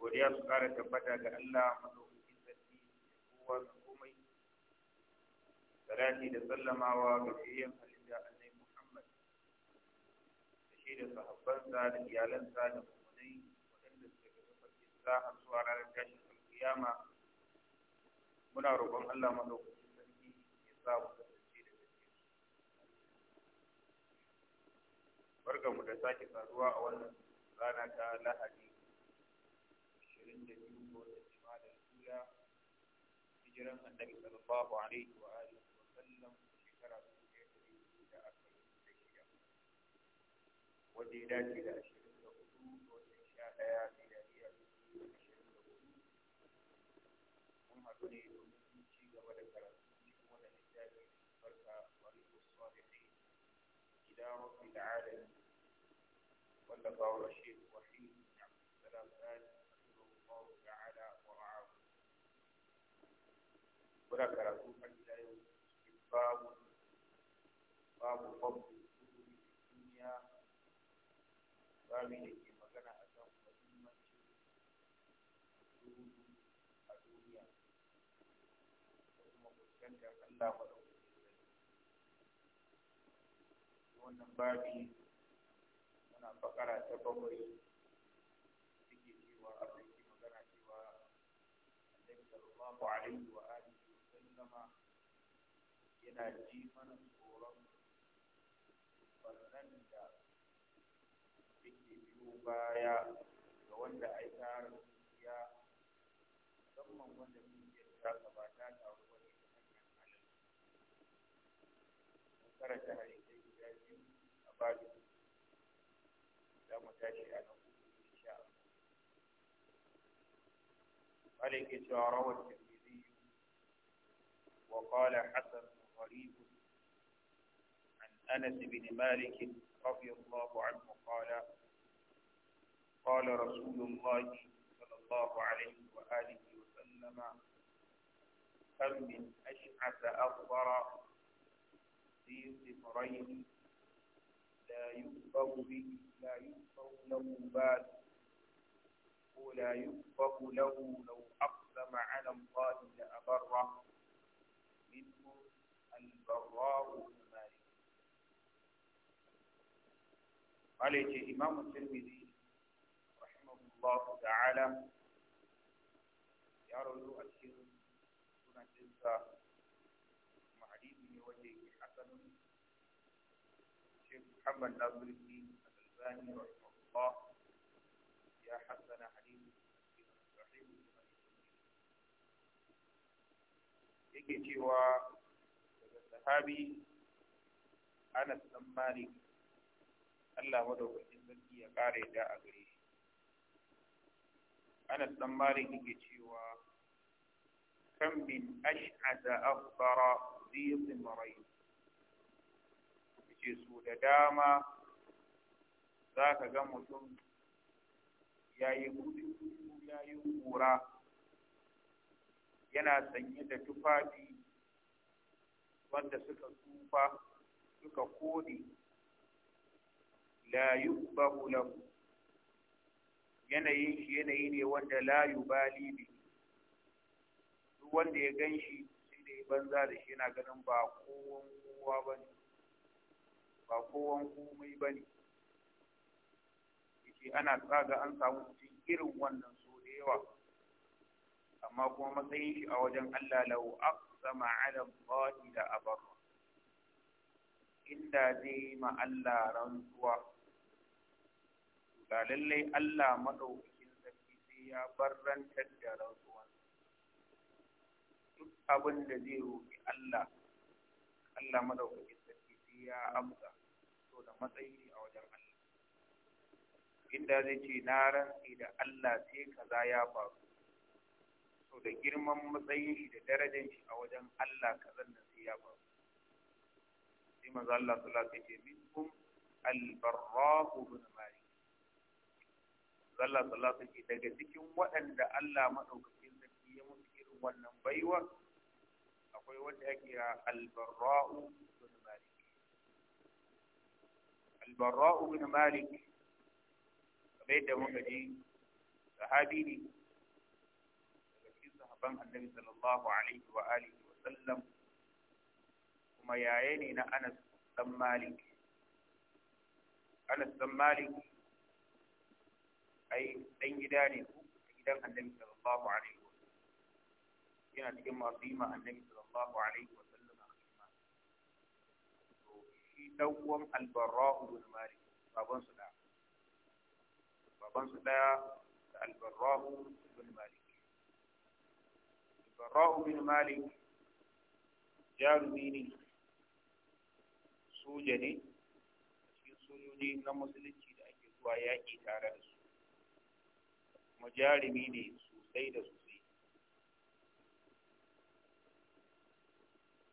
godiya su ƙara tabbata ga Allah madaukakin sarki kowa da komai salati da sallamawa ga fiyayyen halitta annabi Muhammad da shi da sahabbansa da iyalansa da mummunai waɗanda suka ga tafarkin sa har zuwa ranar tashin alƙiyama muna roƙon Allah madaukakin sarki ya sa mu kasance da gaske barkanmu da sake saduwa a wannan rana ta Lahadi كثيرا النبي صلى الله عليه وآله وسلم ذكر في جهده إذا أكل الزكية وزيدات إلى أشهر الغدود والإشاءات إلى هي أشهر الغدود ثم تريد من المسجد وذكر المسجد ولنزال فرق طريق الصالحين إلى رب العالمين ولقى الرشيد الوحيد بن عبد السلام قال رحمه الله تعالى muna karatu a gida yau babu babu babu duniya babu da ke magana a kan muhimmancin a duniya da kuma fuskantar Allah maɗaukaki wannan babi muna fakara ta bakwai تعجیمن فورم فرنن دا بکی بیو بایا دوان دا ایتار سیا دم من وان دا بکیر دا سباتا دا روانی دا حیان حالا مکر تحری دیو دا جیو ابادی وقال حسن قريب عن أنس بن مالك رضي الله عنه قال قال رسول الله صلى الله عليه وآله وسلم كم من أشعث اخبر في صفرين لا يكفر به لا يكفر له بال ولا يكفر له لو أقسم على الله لأبره البراء بن مالك قال يجي إمام الترمذي رحمه الله تعالى يرى يؤثر دون تلك معلي من وجهه حسن الشيخ محمد ناصر الدين الألباني رحمه الله يا حسن حديث صحيح yake cewa sahabi Anas dan Malik Allah madaukakin sarki ya kare da a gare shi Anas dan Malik yake cewa kam min ash'aza akhbara zi dhimrayn yace su da dama zaka ga mutum yayi gudu yayi kura yana sanye da tufafi wanda suka tsufa suka kodi la yubahu lahu yanayin shi yanayi ne wanda la yubali bi duk wanda ya ganshi shi sai da banza da shi yana ganin ba kowan kowa ba ne ba kowan komai ba yake ana tsaga an samu mutum irin wannan so yawa amma kuma matsayin shi a wajen Allah lahu sama ala Allah da abarra inda zai ma Allah rantsuwa ga lallai Allah madaukakin sarki sai ya barrantar da rantsuwa duk abin da zai roƙi Allah Allah madaukakin sarki sai ya amsa to da matsayi a wajen Allah inda zai ce na rantsi da Allah sai kaza ya faru so da girman matsayin shi da darajar shi a wajen Allah kazan nan sai ya faru sai manzo Allah sallallahu alaihi wasallam minkum al-barra'u bin malik Allah sallallahu alaihi daga cikin waɗanda Allah madaukakin sarki ya musu irin wannan baiwa akwai wanda ya kira al-barra'u bin malik al-barra'u bin malik kamar yadda muka ji sahabi ne sahabban annabi sallallahu alaihi wa alihi wa sallam kuma yaye ne na Anas dan Malik Anas dan Malik ai dan gida ne ku gidan annabi sallallahu alaihi wa sallam yana cikin masu yi ma annabi sallallahu alaihi wa sallam a kima to shi dan uwan albarra'u bin Malik baban su da baban su da albarra'u bin Malik barra'u bin malik jarumi ne soja ne cikin sojoji na musulunci da ake zuwa yaƙi tare da su kuma jarumi ne sosai da sosai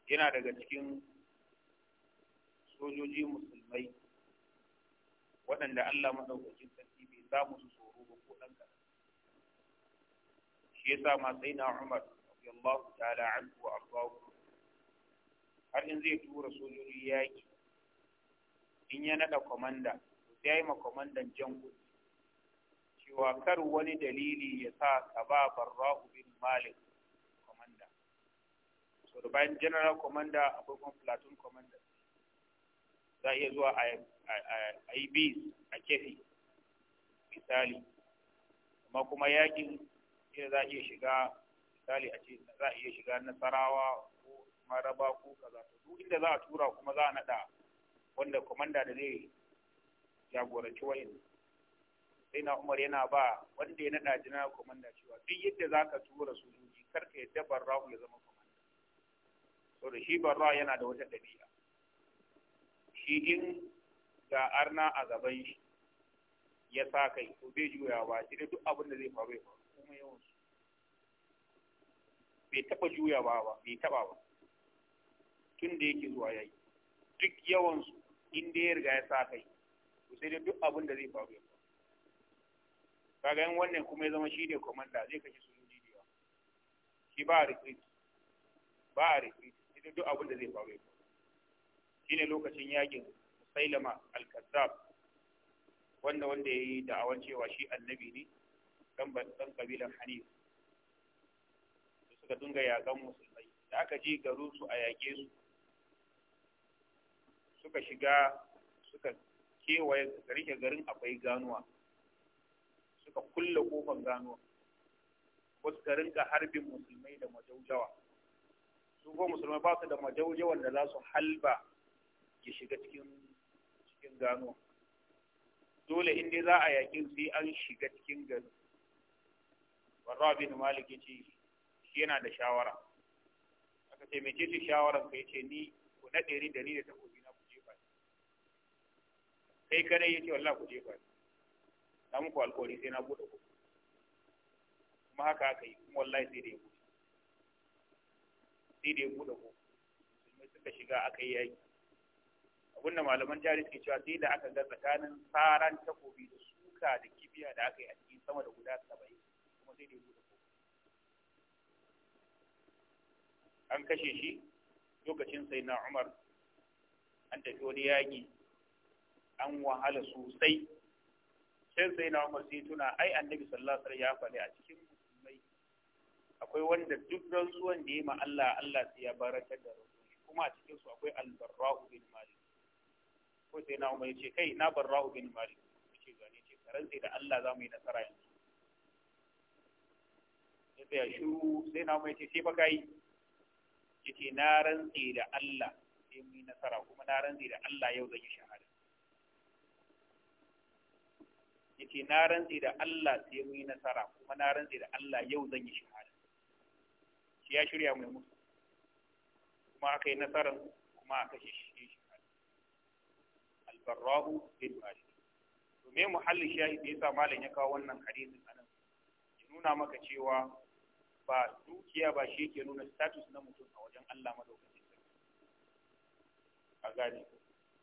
yana daga cikin sojoji musulmai waɗanda Allah maɗaukacin sarki bai samu su tsoro ba ko ɗan shi ya sa ma sai na Umar Allah ta'ala anhu wa ardahu har in zai tura sojoji yaki in ya naɗa komanda sai ya yi ma komandan jan kuɗi cewa kar wani dalili ya sa ka ba barra'u bin malik komanda so da bayan general komanda akwai kuma platoon commander za a iya zuwa a a kefi misali amma kuma yakin ina za shiga misali a ce za a iya shiga nasarawa ko maraba ko kaza to duk inda za a tura kuma za a naɗa wanda komanda da zai jagoranci wayan sai na umar yana ba wanda ya naɗa jina komanda cewa duk yadda za ka tura sojoji kar ka yadda barrahu ya zama So da shi barra yana da wata dabi'a shi in ga arna a gaban shi ya sa kai to bai juya ba shi da duk abin da zai faru ya faru kuma yawan bai taba juya ba bai taba ba tun da yake zuwa yayi duk yawan su inda ya riga ya sa kai to sai dai duk abin da zai faru ya faru kaga yan wannan kuma ya zama shi ne komanda zai kashe su da yawa shi ba a retreat ba a retreat sai duk abin da zai faru ya faru ne lokacin yakin Musailama al-Kazzab wanda wanda yayi da'awar cewa shi annabi ne dan kabilan Hanif suka dinga yakan musulmai da aka je garu su a yaƙe su suka shiga suka kewaye rike garin akwai ganuwa suka kulle kofar ganuwa wasu ka rinka harbin musulmai da majaujawa su ko musulmai ba su da majaujawan da za su halba ya shiga cikin cikin ganuwa dole in dai za a yakin sai an shiga cikin garin warra bin malik ciki. shi yana da shawara aka ce mece ce shawaran ka yace ni ku nade ni da ni da takobi na ku jefa kai kare yace wallahi ku jefa dan ku alƙawari sai na bude ku kuma haka aka yi kuma wallahi sai da ku sai da ku da ku musulmai suka shiga aka yi yaki da malaman tarihi ke cewa sai da aka ga tsakanin tsaran takobi da suka da kibiya da aka yi a cikin sama da guda saba'in kuma sai da ku an kashe shi lokacin sai na umar an tafi wani yaƙi an wahala sosai sai sai na umar sai tuna ai annabi sallallahu alaihi ya faɗi a cikin musulmai akwai wanda duk rantsuwan da ya ma Allah Allah sai ya barakar da rantsuwan kuma a cikin su akwai al-barra'u bin malik ko sai na umar yace kai na barra'u bin malik ce gane ce karan sai da Allah za mu yi nasara yanzu ya shiru sai na umar ya ce sai fa kai yace na rantse da Allah sai mun nasara kuma na rantse da Allah yau zan yi shahada yace na rantse da Allah sai mun nasara kuma na rantse da Allah yau zan yi shahada shi ya shirya mai mutu kuma aka yi nasarar kuma aka shi shi shahada albarrahu bil malik to me muhallin shahid da yasa malam ya kawo wannan hadisin anan ya nuna maka cewa ba dukiya ba shi yake nuna status na mutum a wajen Allah madaukakin sarki a gane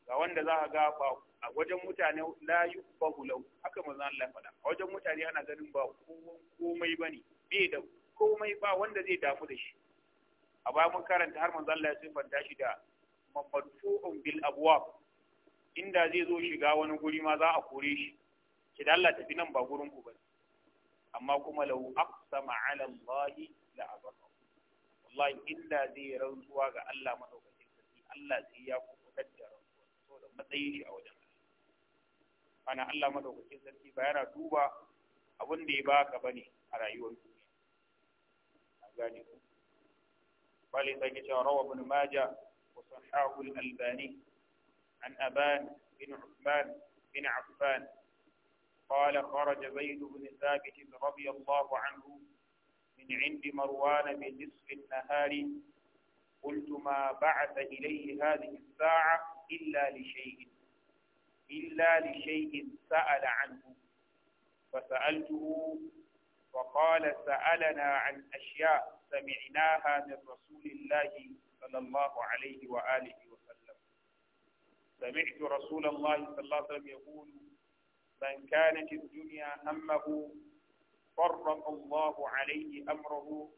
ga wanda za ka ga ba a wajen mutane la yubahu law haka manzon Allah faɗa a wajen mutane ana ganin ba komai bane bai da komai ba wanda zai dafu da shi a baya mun karanta har manzon Allah ya sifanta shi da mamadfu'un bil abwab inda zai zo shiga wani guri ma za a kore shi ki da Allah tafi nan ba gurin ku bane amma kuma lau aqsama ala Allah la abara wallahi inda zai rantsuwa ga Allah madaukakin sarki Allah sai ya kubutar da rantsuwa saboda matsayin shi a wajen Allah ana Allah madaukakin sarki ba yana duba abin da ya baka bane a rayuwar duniya an gane ku bali sai cewa rawa ibn majah wa sahahu al-albani an aban bin uthman bin affan قال خرج زيد بن ثابت رضي الله عنه من عند مروان بنصف النهار قلت ما بعث إليه هذه الساعة إلا لشيء إلا لشيء سأل عنه فسألته وقال سألنا عن أشياء سمعناها من رسول الله صلى الله عليه وآله وسلم سمعت رسول الله صلى الله عليه وسلم يقول من كانت الدنيا همه فرق الله عليه أمره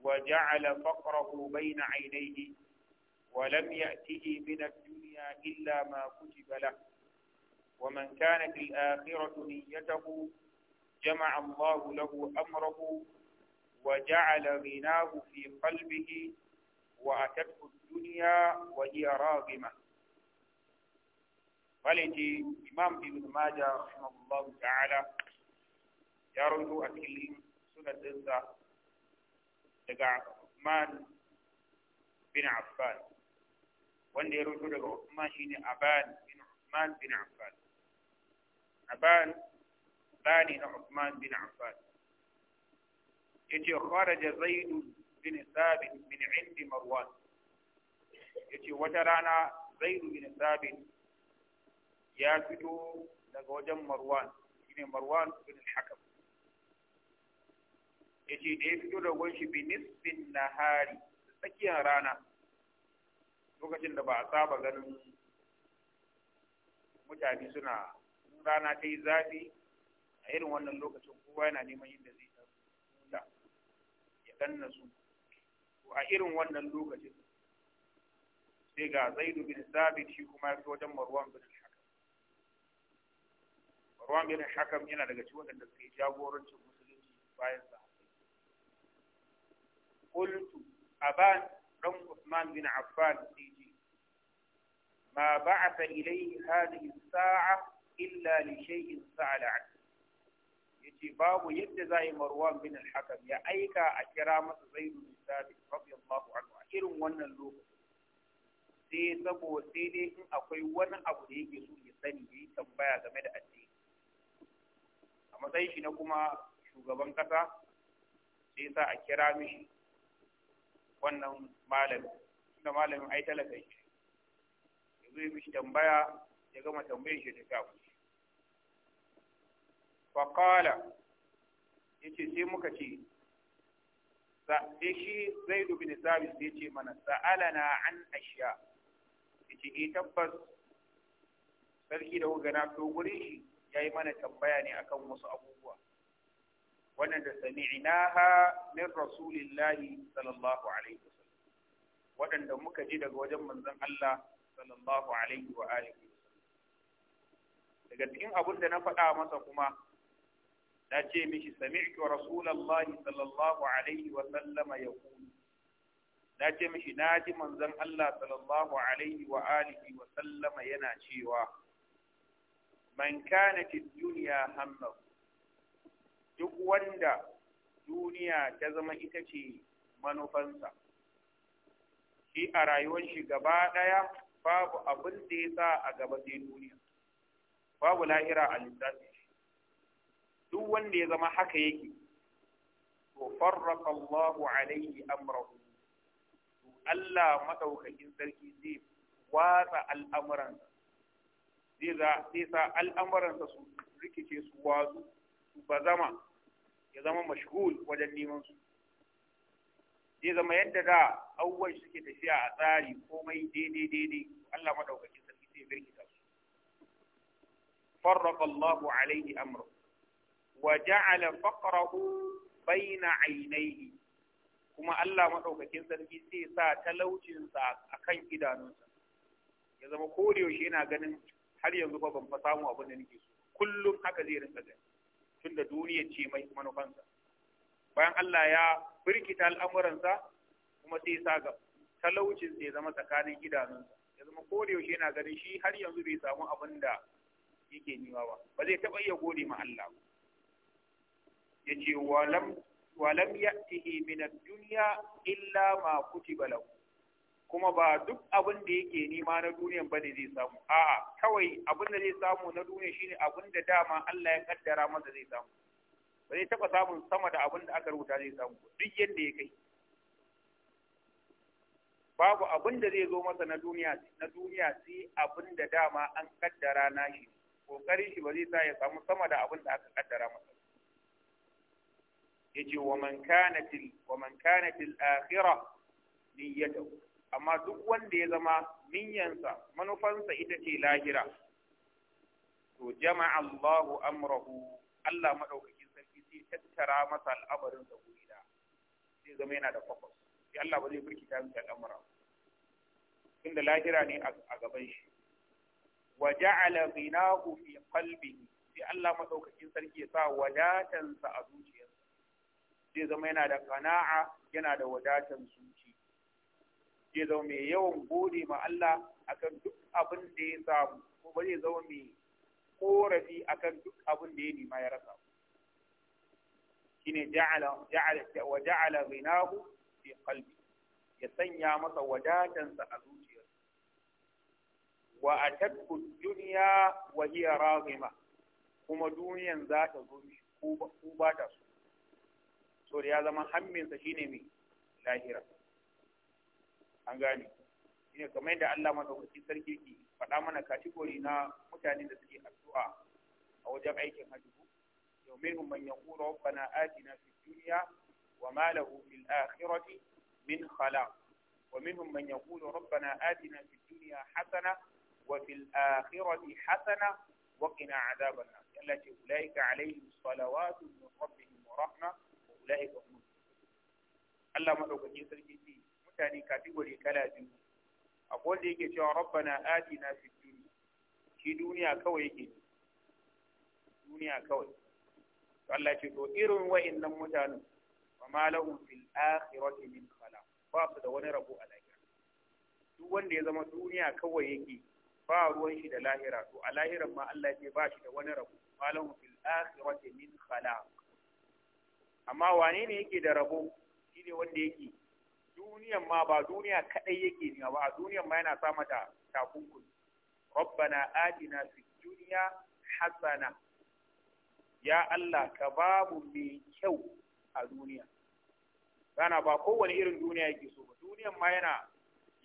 وجعل فقره بين عينيه ولم يأته من الدنيا إلا ما كتب له ومن كانت الآخرة نيته جمع الله له أمره وجعل غناه في قلبه وأتته الدنيا وهي راغمة فلتي إمام بن ماجة رحمه الله تعالى يرد أكلم سنة الزنزة لقى عثمان بن عفان وانا يرد لقى عثمان شيني أبان بن عثمان بن عفان أبان باني عثمان بن عفان يتي خرج زيد بن ثابت من عند مروان يتي وترانا زيد بن ثابت ya fito daga wajen marwan shine marwan bin al-hakam ce da ya fito da gunshi bin nisbin nahari tsakiyar rana lokacin da ba a saba ganin mutane suna rana ta yi zafi a irin wannan lokacin kowa yana neman yadda zai ta ya danna su a irin wannan lokacin sai ga zaidu bin sabit shi kuma ya fi wajen marwan bin Abba bin Hakam yana daga cikin waɗanda suke jagorancin musulunci bayan sa. Qultu Aban dan Usman bin Affan yace Ma ba'atha ilayhi hadhihi as-sa'a illa li shay'in sa'ala yace babu yadda zai Marwan bin Hakam ya aika a kira masa Zaid bin Thabit radiyallahu anhu a irin wannan lokaci sai saboda sai dai in akwai wani abu da yake so ya sani yayi tambaya game da addini matsayin shi na kuma shugaban kasa sai sa a kira mishi wannan malamin da malamin ai talaka shi ya yi mishi tambaya ya gama tambayar shi da tafi faƙala ya ce sai muka ce sai shi zai dubi da sabis ya ce mana sa'alana an ashiya ya ce e tabbas sarki da wuga na to gurin shi ya yi mana tambaya ne akan wasu abubuwa waɗanda sami'naha min rasulillahi sallallahu alaihi wasallam waɗanda muka ji daga wajen manzon Allah sallallahu alaihi wa alihi daga cikin abin da na faɗa masa kuma na ce mishi sami'tu rasulallahi sallallahu alaihi wa sallama yaqulu na ce mishi na ji manzon Allah sallallahu alaihi wa alihi wa sallama yana cewa man kanat ad-dunya hammahu duk wanda duniya ta zama ita ce manufansa shi a rayuwar shi gaba ɗaya, babu abin da ya sa a gaba sai duniya babu lahira a lissafi duk wanda ya zama haka yake to farraka Allahu alaihi amrahu Allah maɗaukakin sarki zai watsa al'amuransa zai sa al'amuransa su rikice su wazu su bazama ya zama mashgul wajen neman su zai zama yadda da abubuwan suke tafiya a tsari komai daidai daidai Allah madaukakin sarki sai birkita su farraqa Allahu alaihi amra wa ja'ala faqrahu baina ainihi kuma Allah madaukakin sarki sai sa talaucinsa akan idanunsa ya zama kodayaushe yana ganin har yanzu ba ban fa samu abin da nake so kullum haka zai rinka gani tunda duniya ce mai manufansa bayan Allah ya birkita al'amuransa kuma sai sa ga talaucin sai zama tsakanin idanunsa ya zama kore yaushe yana ganin shi har yanzu bai samu abin da yake nima ba ba zai taɓa iya gode ma Allah ba ya ce walam walam ya'tihi min ad-dunya illa ma kutiba lahu kuma ba duk abin da yake nema na duniyan ba ne zai samu a'a kawai abin da zai samu na duniya shine abin da dama Allah ya kaddara masa zai samu ba zai taba samun sama da abin da aka rubuta zai samu duk yanda ya kai babu abin da zai zo masa na duniya na duniya sai abin da dama an kaddara nashi kokarin shi ba zai sa ya samu sama da abin da aka kaddara masa yace wa man kanatil wa man kanatil akhirah niyyatuhu amma duk wanda ya zama niyyansa manufansa ita ce lahira to jama'a Allahu amrahu Allah madaukakin sarki sai tattara masa al'amarin da guri da zama yana da focus sai Allah ba zai firkita masa al'amura Inda lahira ne a gaban shi wa ja'ala ghinahu fi qalbihi sai Allah madaukakin sarki ya sa wadatansa a zuciyarsa zai zama yana da qana'a yana da wadatan zuciya zai zama mai yawan gode ma Allah akan duk abin da ya samu ko ba zai zama mai korafi akan duk abin da ya nima ya rasa shine ja'ala ja'ala wa ja'ala ghinahu fi qalbi ya sanya masa wadatansa a zuciya wa atabku dunya wa hiya raghima kuma duniyan za ta zo mishi ko ba ta so so da ya zama sa shine mai lahira an gane shine kamar yadda Allah madaukakin sarki ki faɗa mana kategori na mutane da suke addu'a a wajen aikin hajji yau minhum man yaqulu rabbana atina fid dunya wa ma lahu fil akhirati min khalaq wa minhum man yaqulu rabbana atina fid dunya hasana wa fil akhirati hasana wa qina adhaban nar Allah ce ulaika alaihim salawatu min rabbihim wa rahma wa ulaika hum Allah madaukakin sarki ki. mutane kategori kala biyu akwai wanda yake cewa rabbana atina fid dunya shi duniya kawai yake duniya kawai to Allah ce to irin wa'annan mutane wa ma lahum fil akhirati min khalaq ba su da wani rabo a lahira duk wanda ya zama duniya kawai yake ba ruwan shi da lahira to a lahiran ma Allah ce ba shi da wani rabo ma lahum fil akhirati min khalaq amma wane ne yake da rabo shine wanda yake duniyan ma ba duniya kadai yake ne ba duniyan ma yana sama da takunkumi rabbana atina fid dunya hasana ya Allah ka ba mu mai kyau a duniya kana ba kowane irin duniya yake so ba duniyan ma yana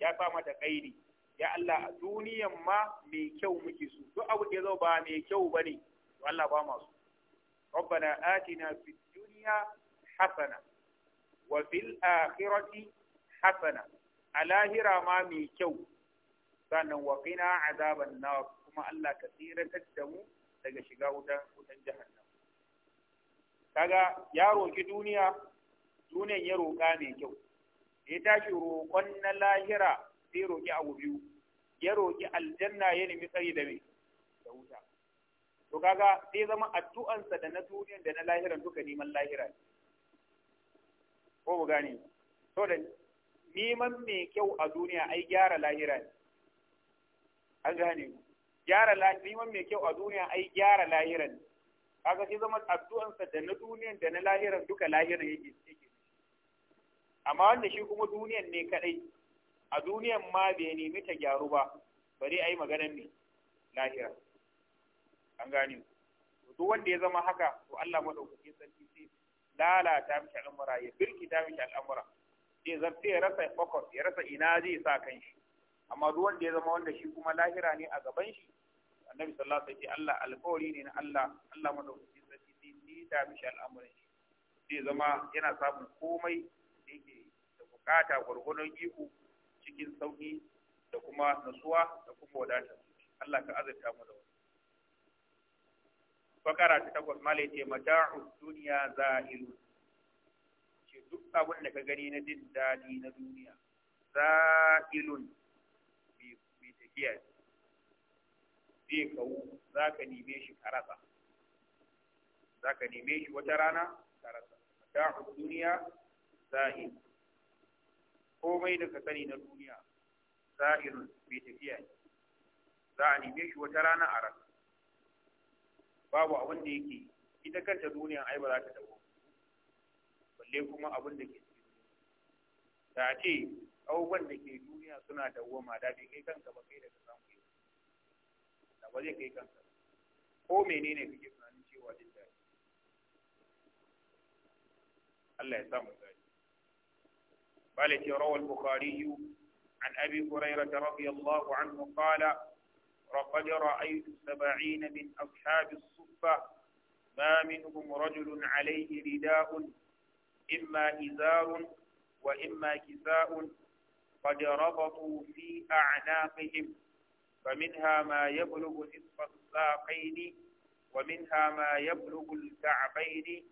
ya sama da kaini ya Allah a duniyan ma mai kyau muke so duk abu da zo ba mai kyau bane to Allah ba masu rabbana atina fid dunya hasana wa fil akhirati hasana a lahira ma mai kyau sannan waƙina qina azaban na kuma Allah ka tsiratar da mu daga shiga wutan wutan jahannam kaga ya roƙi duniya duniyan ya roƙa mai kyau ya tashi roƙon na lahira sai roƙi abu biyu ya roƙi aljanna ya nemi tsari da mai da wuta to kaga sai zama addu'ansa da na duniyan da na lahiran duka neman lahira ko mu gane to da neman mai kyau a duniya ai gyara lahira ne an gane ku gyara neman mai kyau a duniya ai gyara lahiran ne kaga sai zama addu'ansa da na duniyan da na lahiran duka lahiran yake yake amma wanda shi kuma duniyan ne kadai a duniyan ma bai nemi ta gyaru ba bari ai maganar ne lahira an gane ku duk wanda ya zama haka to Allah madaukakin sarki sai lalata mishi al'amura ya birkita mishi al'amura sai zarta ya rasa focus ya rasa ina zai sa kan shi amma duk wanda ya zama wanda shi kuma lahira ne a gaban shi annabi sallallahu alaihi wasallam Allah alkawari ne na Allah Allah madaukakin sarki ni da mishi al'amuran shi zai zama yana samun komai da yake da bukata gwargwadon iko cikin sauki da kuma nutsuwa da kuma wadata Allah ka azurta mu da wannan fakara ta takwas mala ce mata'u dunya za'ilu duk abin da ka gani na jin daɗi na duniya za'ilun bai tafiya zai kawo za ka neme shi karasa za ka neme shi wata rana karasa ta duniya za'il komai da ka sani na duniya za'ilun bai tafiya za a neme shi wata rana a rasa babu abin da yake ita kanta duniya ai ba za ta balle kuma abin da ke da ce abubuwan da ke duniya suna dawwama da bai kai kanka ba kai daga samu yau da ba zai kai kanka ko menene kake tunanin cewa jin daɗi Allah ya samu gani bale ce rawal bukhari عن أبي هريرة رضي الله عنه قال لقد رأيت سبعين من أصحاب الصفة ما منهم رجل عليه رداء إما إزار وإما كساء قد ربطوا في أعناقهم فمنها ما يبلغ نصف الساقين ومنها ما يبلغ الكعبين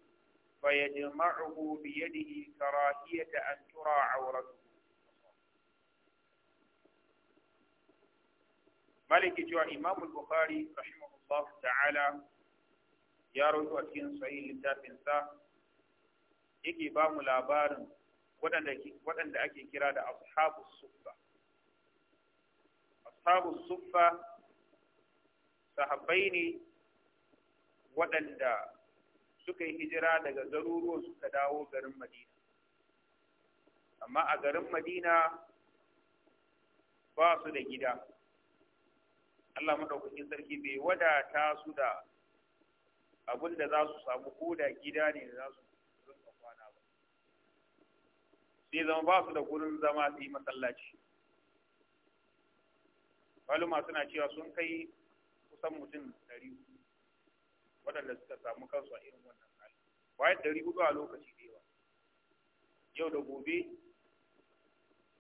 فيجمعه بيده كراهية أن ترى عورته مالك جوا إمام البخاري رحمه الله تعالى يروي أتين صحيح لتافنسا yake ba mu labarin waɗanda ake kira da ashabu suffa ashabu suffa sahabbai ne waɗanda suka yi hijira daga garuruwan suka dawo garin madina amma a garin madina ba su da gida Allah maɗaukakin sarki bai wadata su da abin da za su samu koda gida ne da za su sai zama ba su da gurin zama su yi masallaci maluma suna cewa sun kai kusan mutum ɗari waɗanda suka samu kansu a irin wannan hali bayan ɗari hudu a lokaci da yawa yau da gobe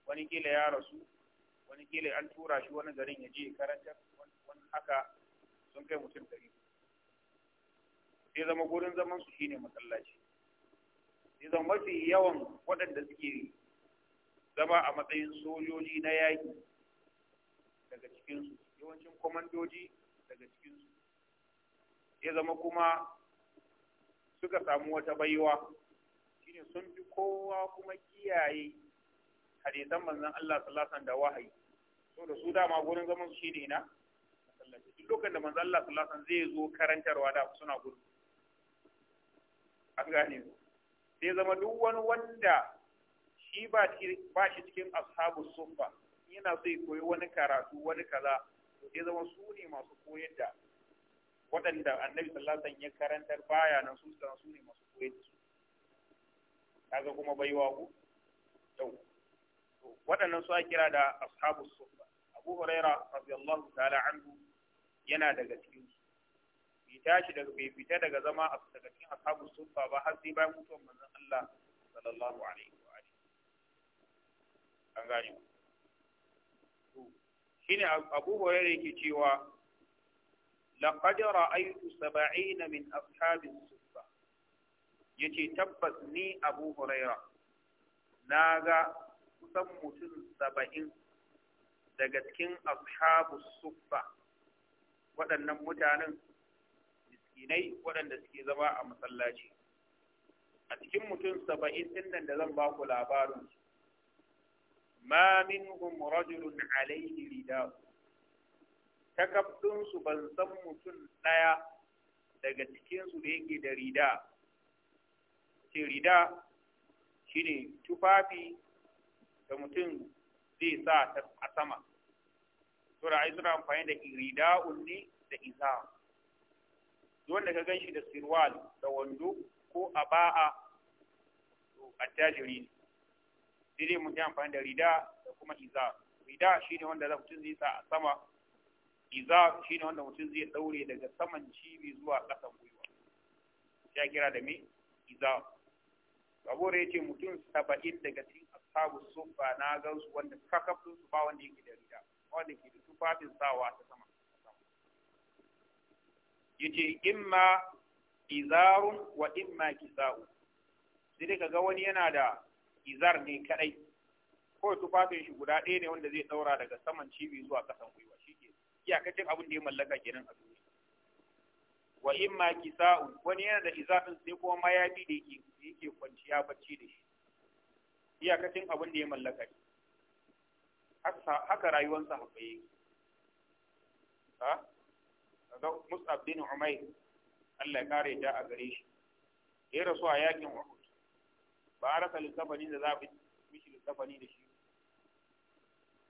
wani kila ya rasu wani kila an tura shi wani garin ya je karantar wani haka sun kai mutum ɗari sai zama gurin zaman su shine masallaci sai mafi yawan waɗanda suke zama a matsayin sojoji na yaƙi daga cikinsu yawancin kwamandoji daga cikinsu ya zama kuma suka samu wata baiwa shine sun fi kowa kuma kiyaye hadisan manzon Allah sallallahu alaihi da wahayi so da su dama gurin zaman su shine na masallaci duk lokacin da manzon Allah sallallahu alaihi zai zo karantarwa da suna gudu an gane su sai zama duk wani wanda shi ba shi cikin ashabu sufa, yana so ya koyi wani karatu wani kaza to sai zama su ne masu koyar da waɗanda annabi sallallahu alaihi ya karantar baya nan su su ne masu koyar da su kaga kuma baiwa ku to waɗannan su a kira da ashabu suffa abu hurairah radiyallahu ta'ala anhu yana daga cikin su bai tashi daga bai fita daga zama a daga cikin ashabu sufa ba har sai bayan mutuwar manzon Allah sallallahu alaihi wa alihi an gane to shine Abu Hurairah yake cewa laqad ra'aytu 70 min ashabi sufa yace tabbas ni Abu Hurairah naga kusan mutum 70 daga cikin ashabu sufa waɗannan mutanen addinai waɗanda suke zama a masallaci a cikin mutum saba'in ɗin nan da zan ba ku labarin ma minhum rajulun alaihi rida'u ta su ban san mutum ɗaya daga cikinsu da yake da rida ce rida shine tufafi da mutum zai sa a sama sura ai suna amfani da irida'un ne da isa wanda ka ganshi da sirwal da wando ko a aba'a attajiri ne sai dai mun yi amfani da rida da kuma iza rida shine wanda za mutum zai sa a sama shi shine wanda mutum zai daure daga saman cibi zuwa ƙasan gwiwa ya kira da me iza saboda ya ce mutum saba'in daga cikin ashabu sufa na su wanda kakafin su ba wanda yake da rida wanda ke da tufafin sawa ta sama yace imma izarun wa imma kisa'u sai dai kaga wani yana da izar ne kadai ko tufafin shi guda ɗaya ne wanda zai daura daga saman cibi zuwa kasan gwiwa shike iyakacin abin da ya mallaka kenan a duniya wa imma kisa'u wani yana da izafin sai kuma mayafi da yake yake kwanciya bacci da shi iyakacin abin da ya mallaka haka rayuwar haka yake ha kaga Mus'ab bin Umair Allah ya kare ta a gare shi ya rasu a yakin Uhud ba a rasa lissafani da za a mishi lissafani da shi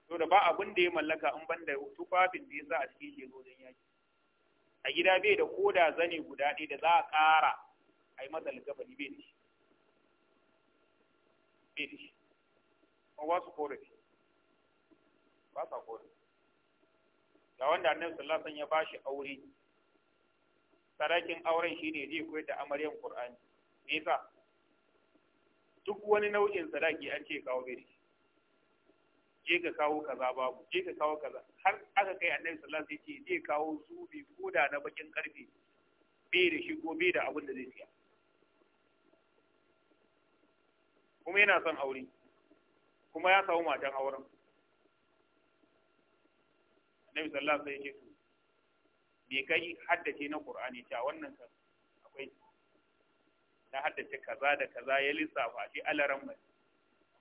to da ba abin da ya mallaka in ban da tufafin da ya sa a cikin shi don yaki a gida bai da koda zane guda ɗaya da za a ƙara a yi masa lissafani bai da shi bai da shi ba su korafi ba sa korafi ga wanda annabi sallallahu alaihi wasallam ya bashi aure sarakin auren shine zai koyar da amaryan qur'ani me yasa duk wani nau'in sadaki an ce kawo gari je ka kawo kaza babu je ka kawo kaza har aka kai annabi sallallahu alaihi wasallam zai kawo zubi koda na bakin karfe bai da shi ko bai da abin da zai siya kuma yana son aure kuma ya samu matan auren nabi sallallahu alaihi wasallam ya ce to me kai haddace na qur'ani ta wannan kan akwai na haddace kaza da kaza ya lissafa shi alaran mai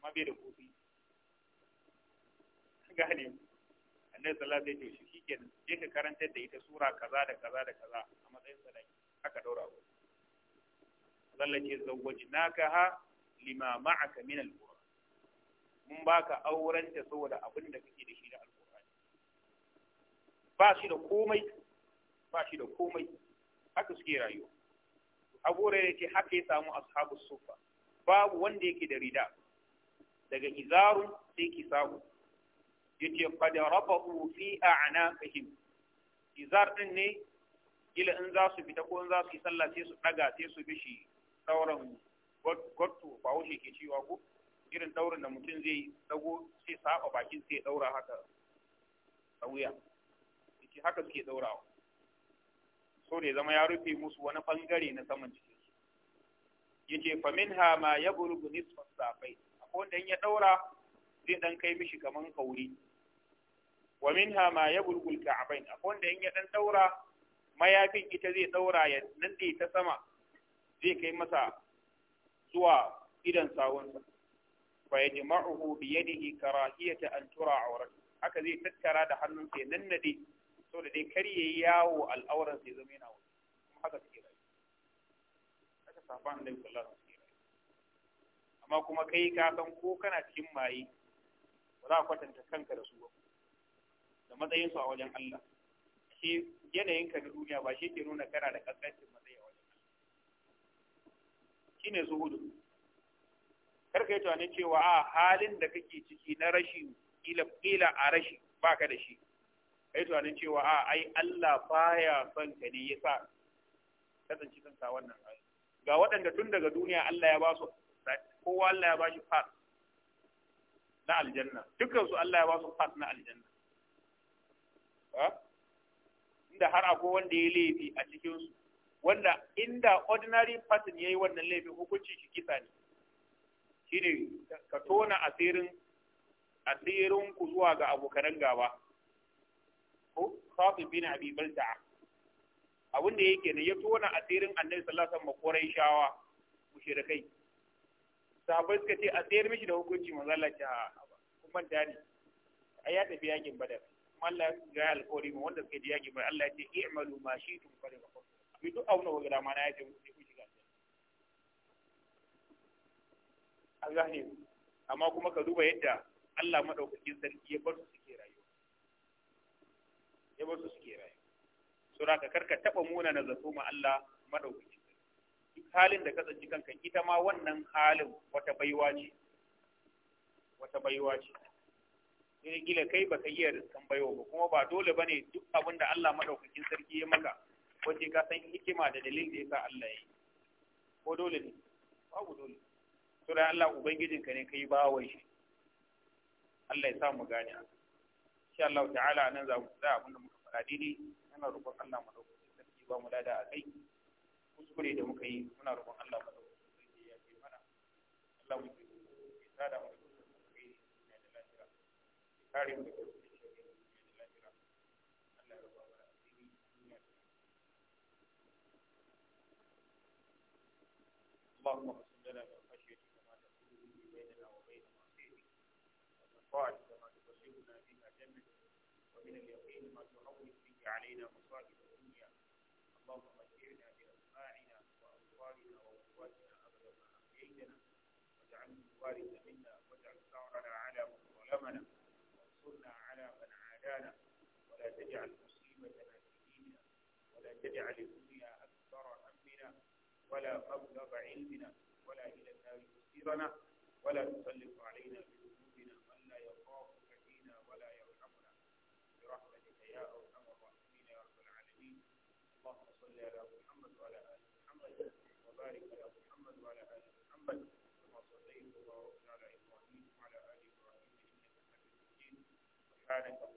amma bai da kofi gane annabi sallallahu alaihi wasallam ya ce shi je ka karantar da ita sura kaza da kaza da kaza a matsayin sadaki aka daura ko Allah ce zawwajnaka ha lima ma'aka min al-qur'an mun baka auren ta saboda abin da kake da shi da ba shi da komai ba shi da komai haka suke rayuwa abu da ce haka ya samu ashabu sufa babu wanda yake da rida daga izarun sai ki kisabu yace qad rafahu fi a'naqihim izar din ne gila in za su fita ko in za su yi sallah sai su daga sai su bishi dauran gwattu ba wuce ke cewa ko irin daurin da mutum zai dago sai saba bakin sai daura haka sauya. ciki haka suke daurawa so ne zama ya rufe musu wani bangare na saman cikin su yace fa minha ma yablugu nisfas safai akwai wanda in ya daura zai dan kai mishi kaman kauri wa minha ma yablugu alka'bain akwai wanda in ya dan daura mayafin ita zai daura ya nande ta sama zai kai masa zuwa idan sawunsa fa yajma'uhu bi yadihi karahiyata an tura awratu haka zai tattara da hannunsa ya nannade da dai kar yayi yawo al'auran sai zama yana wuri kuma haka suke rayu haka safan annabi sallallahu alaihi wasallam amma kuma kai ka san ko kana cikin maye ba za ka kwatanta kanka da su ba da matsayin su a wajen Allah shi yanayin ka na duniya ba shi ke nuna kana da kaskancin matsayi a wajen Allah shine zuhudu ka yi tunanin cewa a halin da kake ciki na rashin kila a rashi baka da shi kai tunanin cewa a ai Allah baya son ka ne yasa kasance kan ka wannan ai ga waɗanda tun daga duniya Allah ya ba su kowa Allah ya ba shi pass na aljanna dukkan su Allah ya ba su pass na aljanna inda har akwai wanda ya laifi a cikin su wanda inda ordinary person yayi wannan laifin hukunci shi kisa ne shine ka tona asirin asirin ku zuwa ga abokanan gaba ko Khatib bin Abi Balta abin da yake ne ya tona asirin Annabi sallallahu alaihi wasallam Quraishawa mushrikai sahabbai suka ce asirin mishi da hukunci manzo Allah ta kuma dani ai ya tafi yakin Badar kuma Allah ya alƙawari mu wanda suka ji yakin Badar Allah ya ce i'malu ma shi'tum fa la bi duk auna wa gida ya ce, mu ku shiga a ne amma kuma ka duba yadda Allah madaukakin sarki ya bar su suke rayuwa sai ba su suke rayu sura ka karka taba muna na zato ma Allah madaukaki duk halin da ka tsanci kanka ita ma wannan halin wata baiwa ce wata baiwa ce sai gila kai baka yi riskan baiwa ba kuma ba dole bane duk abin da Allah madaukakin sarki ya maka wace ka san hikima da dalilin da yasa Allah ya yi ko dole ne babu dole to dan Allah ubangijinka ne kai bawai shi Allah ya sa mu gane insha Allah ta'ala nan za mu tsaya abin da faɗa daidai muna roƙon Allah mu sarki ba mu lada a kai kuskure da muka yi muna roƙon Allah mu sarki ya fi mana Allah mu yi ta da mu da kai da lafiya kare mu da da ya اغفر لنا من خشيتك ما تحول به بيننا وبين معصيتك ومن طاعتك ما تبلغنا بها جنتك من اليقين ما تهون به علينا مصائب الدنيا اللهم متعنا بأسماعنا وأبصارنا وقواتنا أبدا ما أحييتنا واجعله الوارث منا واجعل ثارنا على من ظلمنا وانصرنا على من عادانا ولا تجعل مصيبتنا في ديننا ولا تجعل الدنيا أكبر همنا ولا مبلغ علمنا ولا إلى النار مصيرنا ولا تسلط Gracias.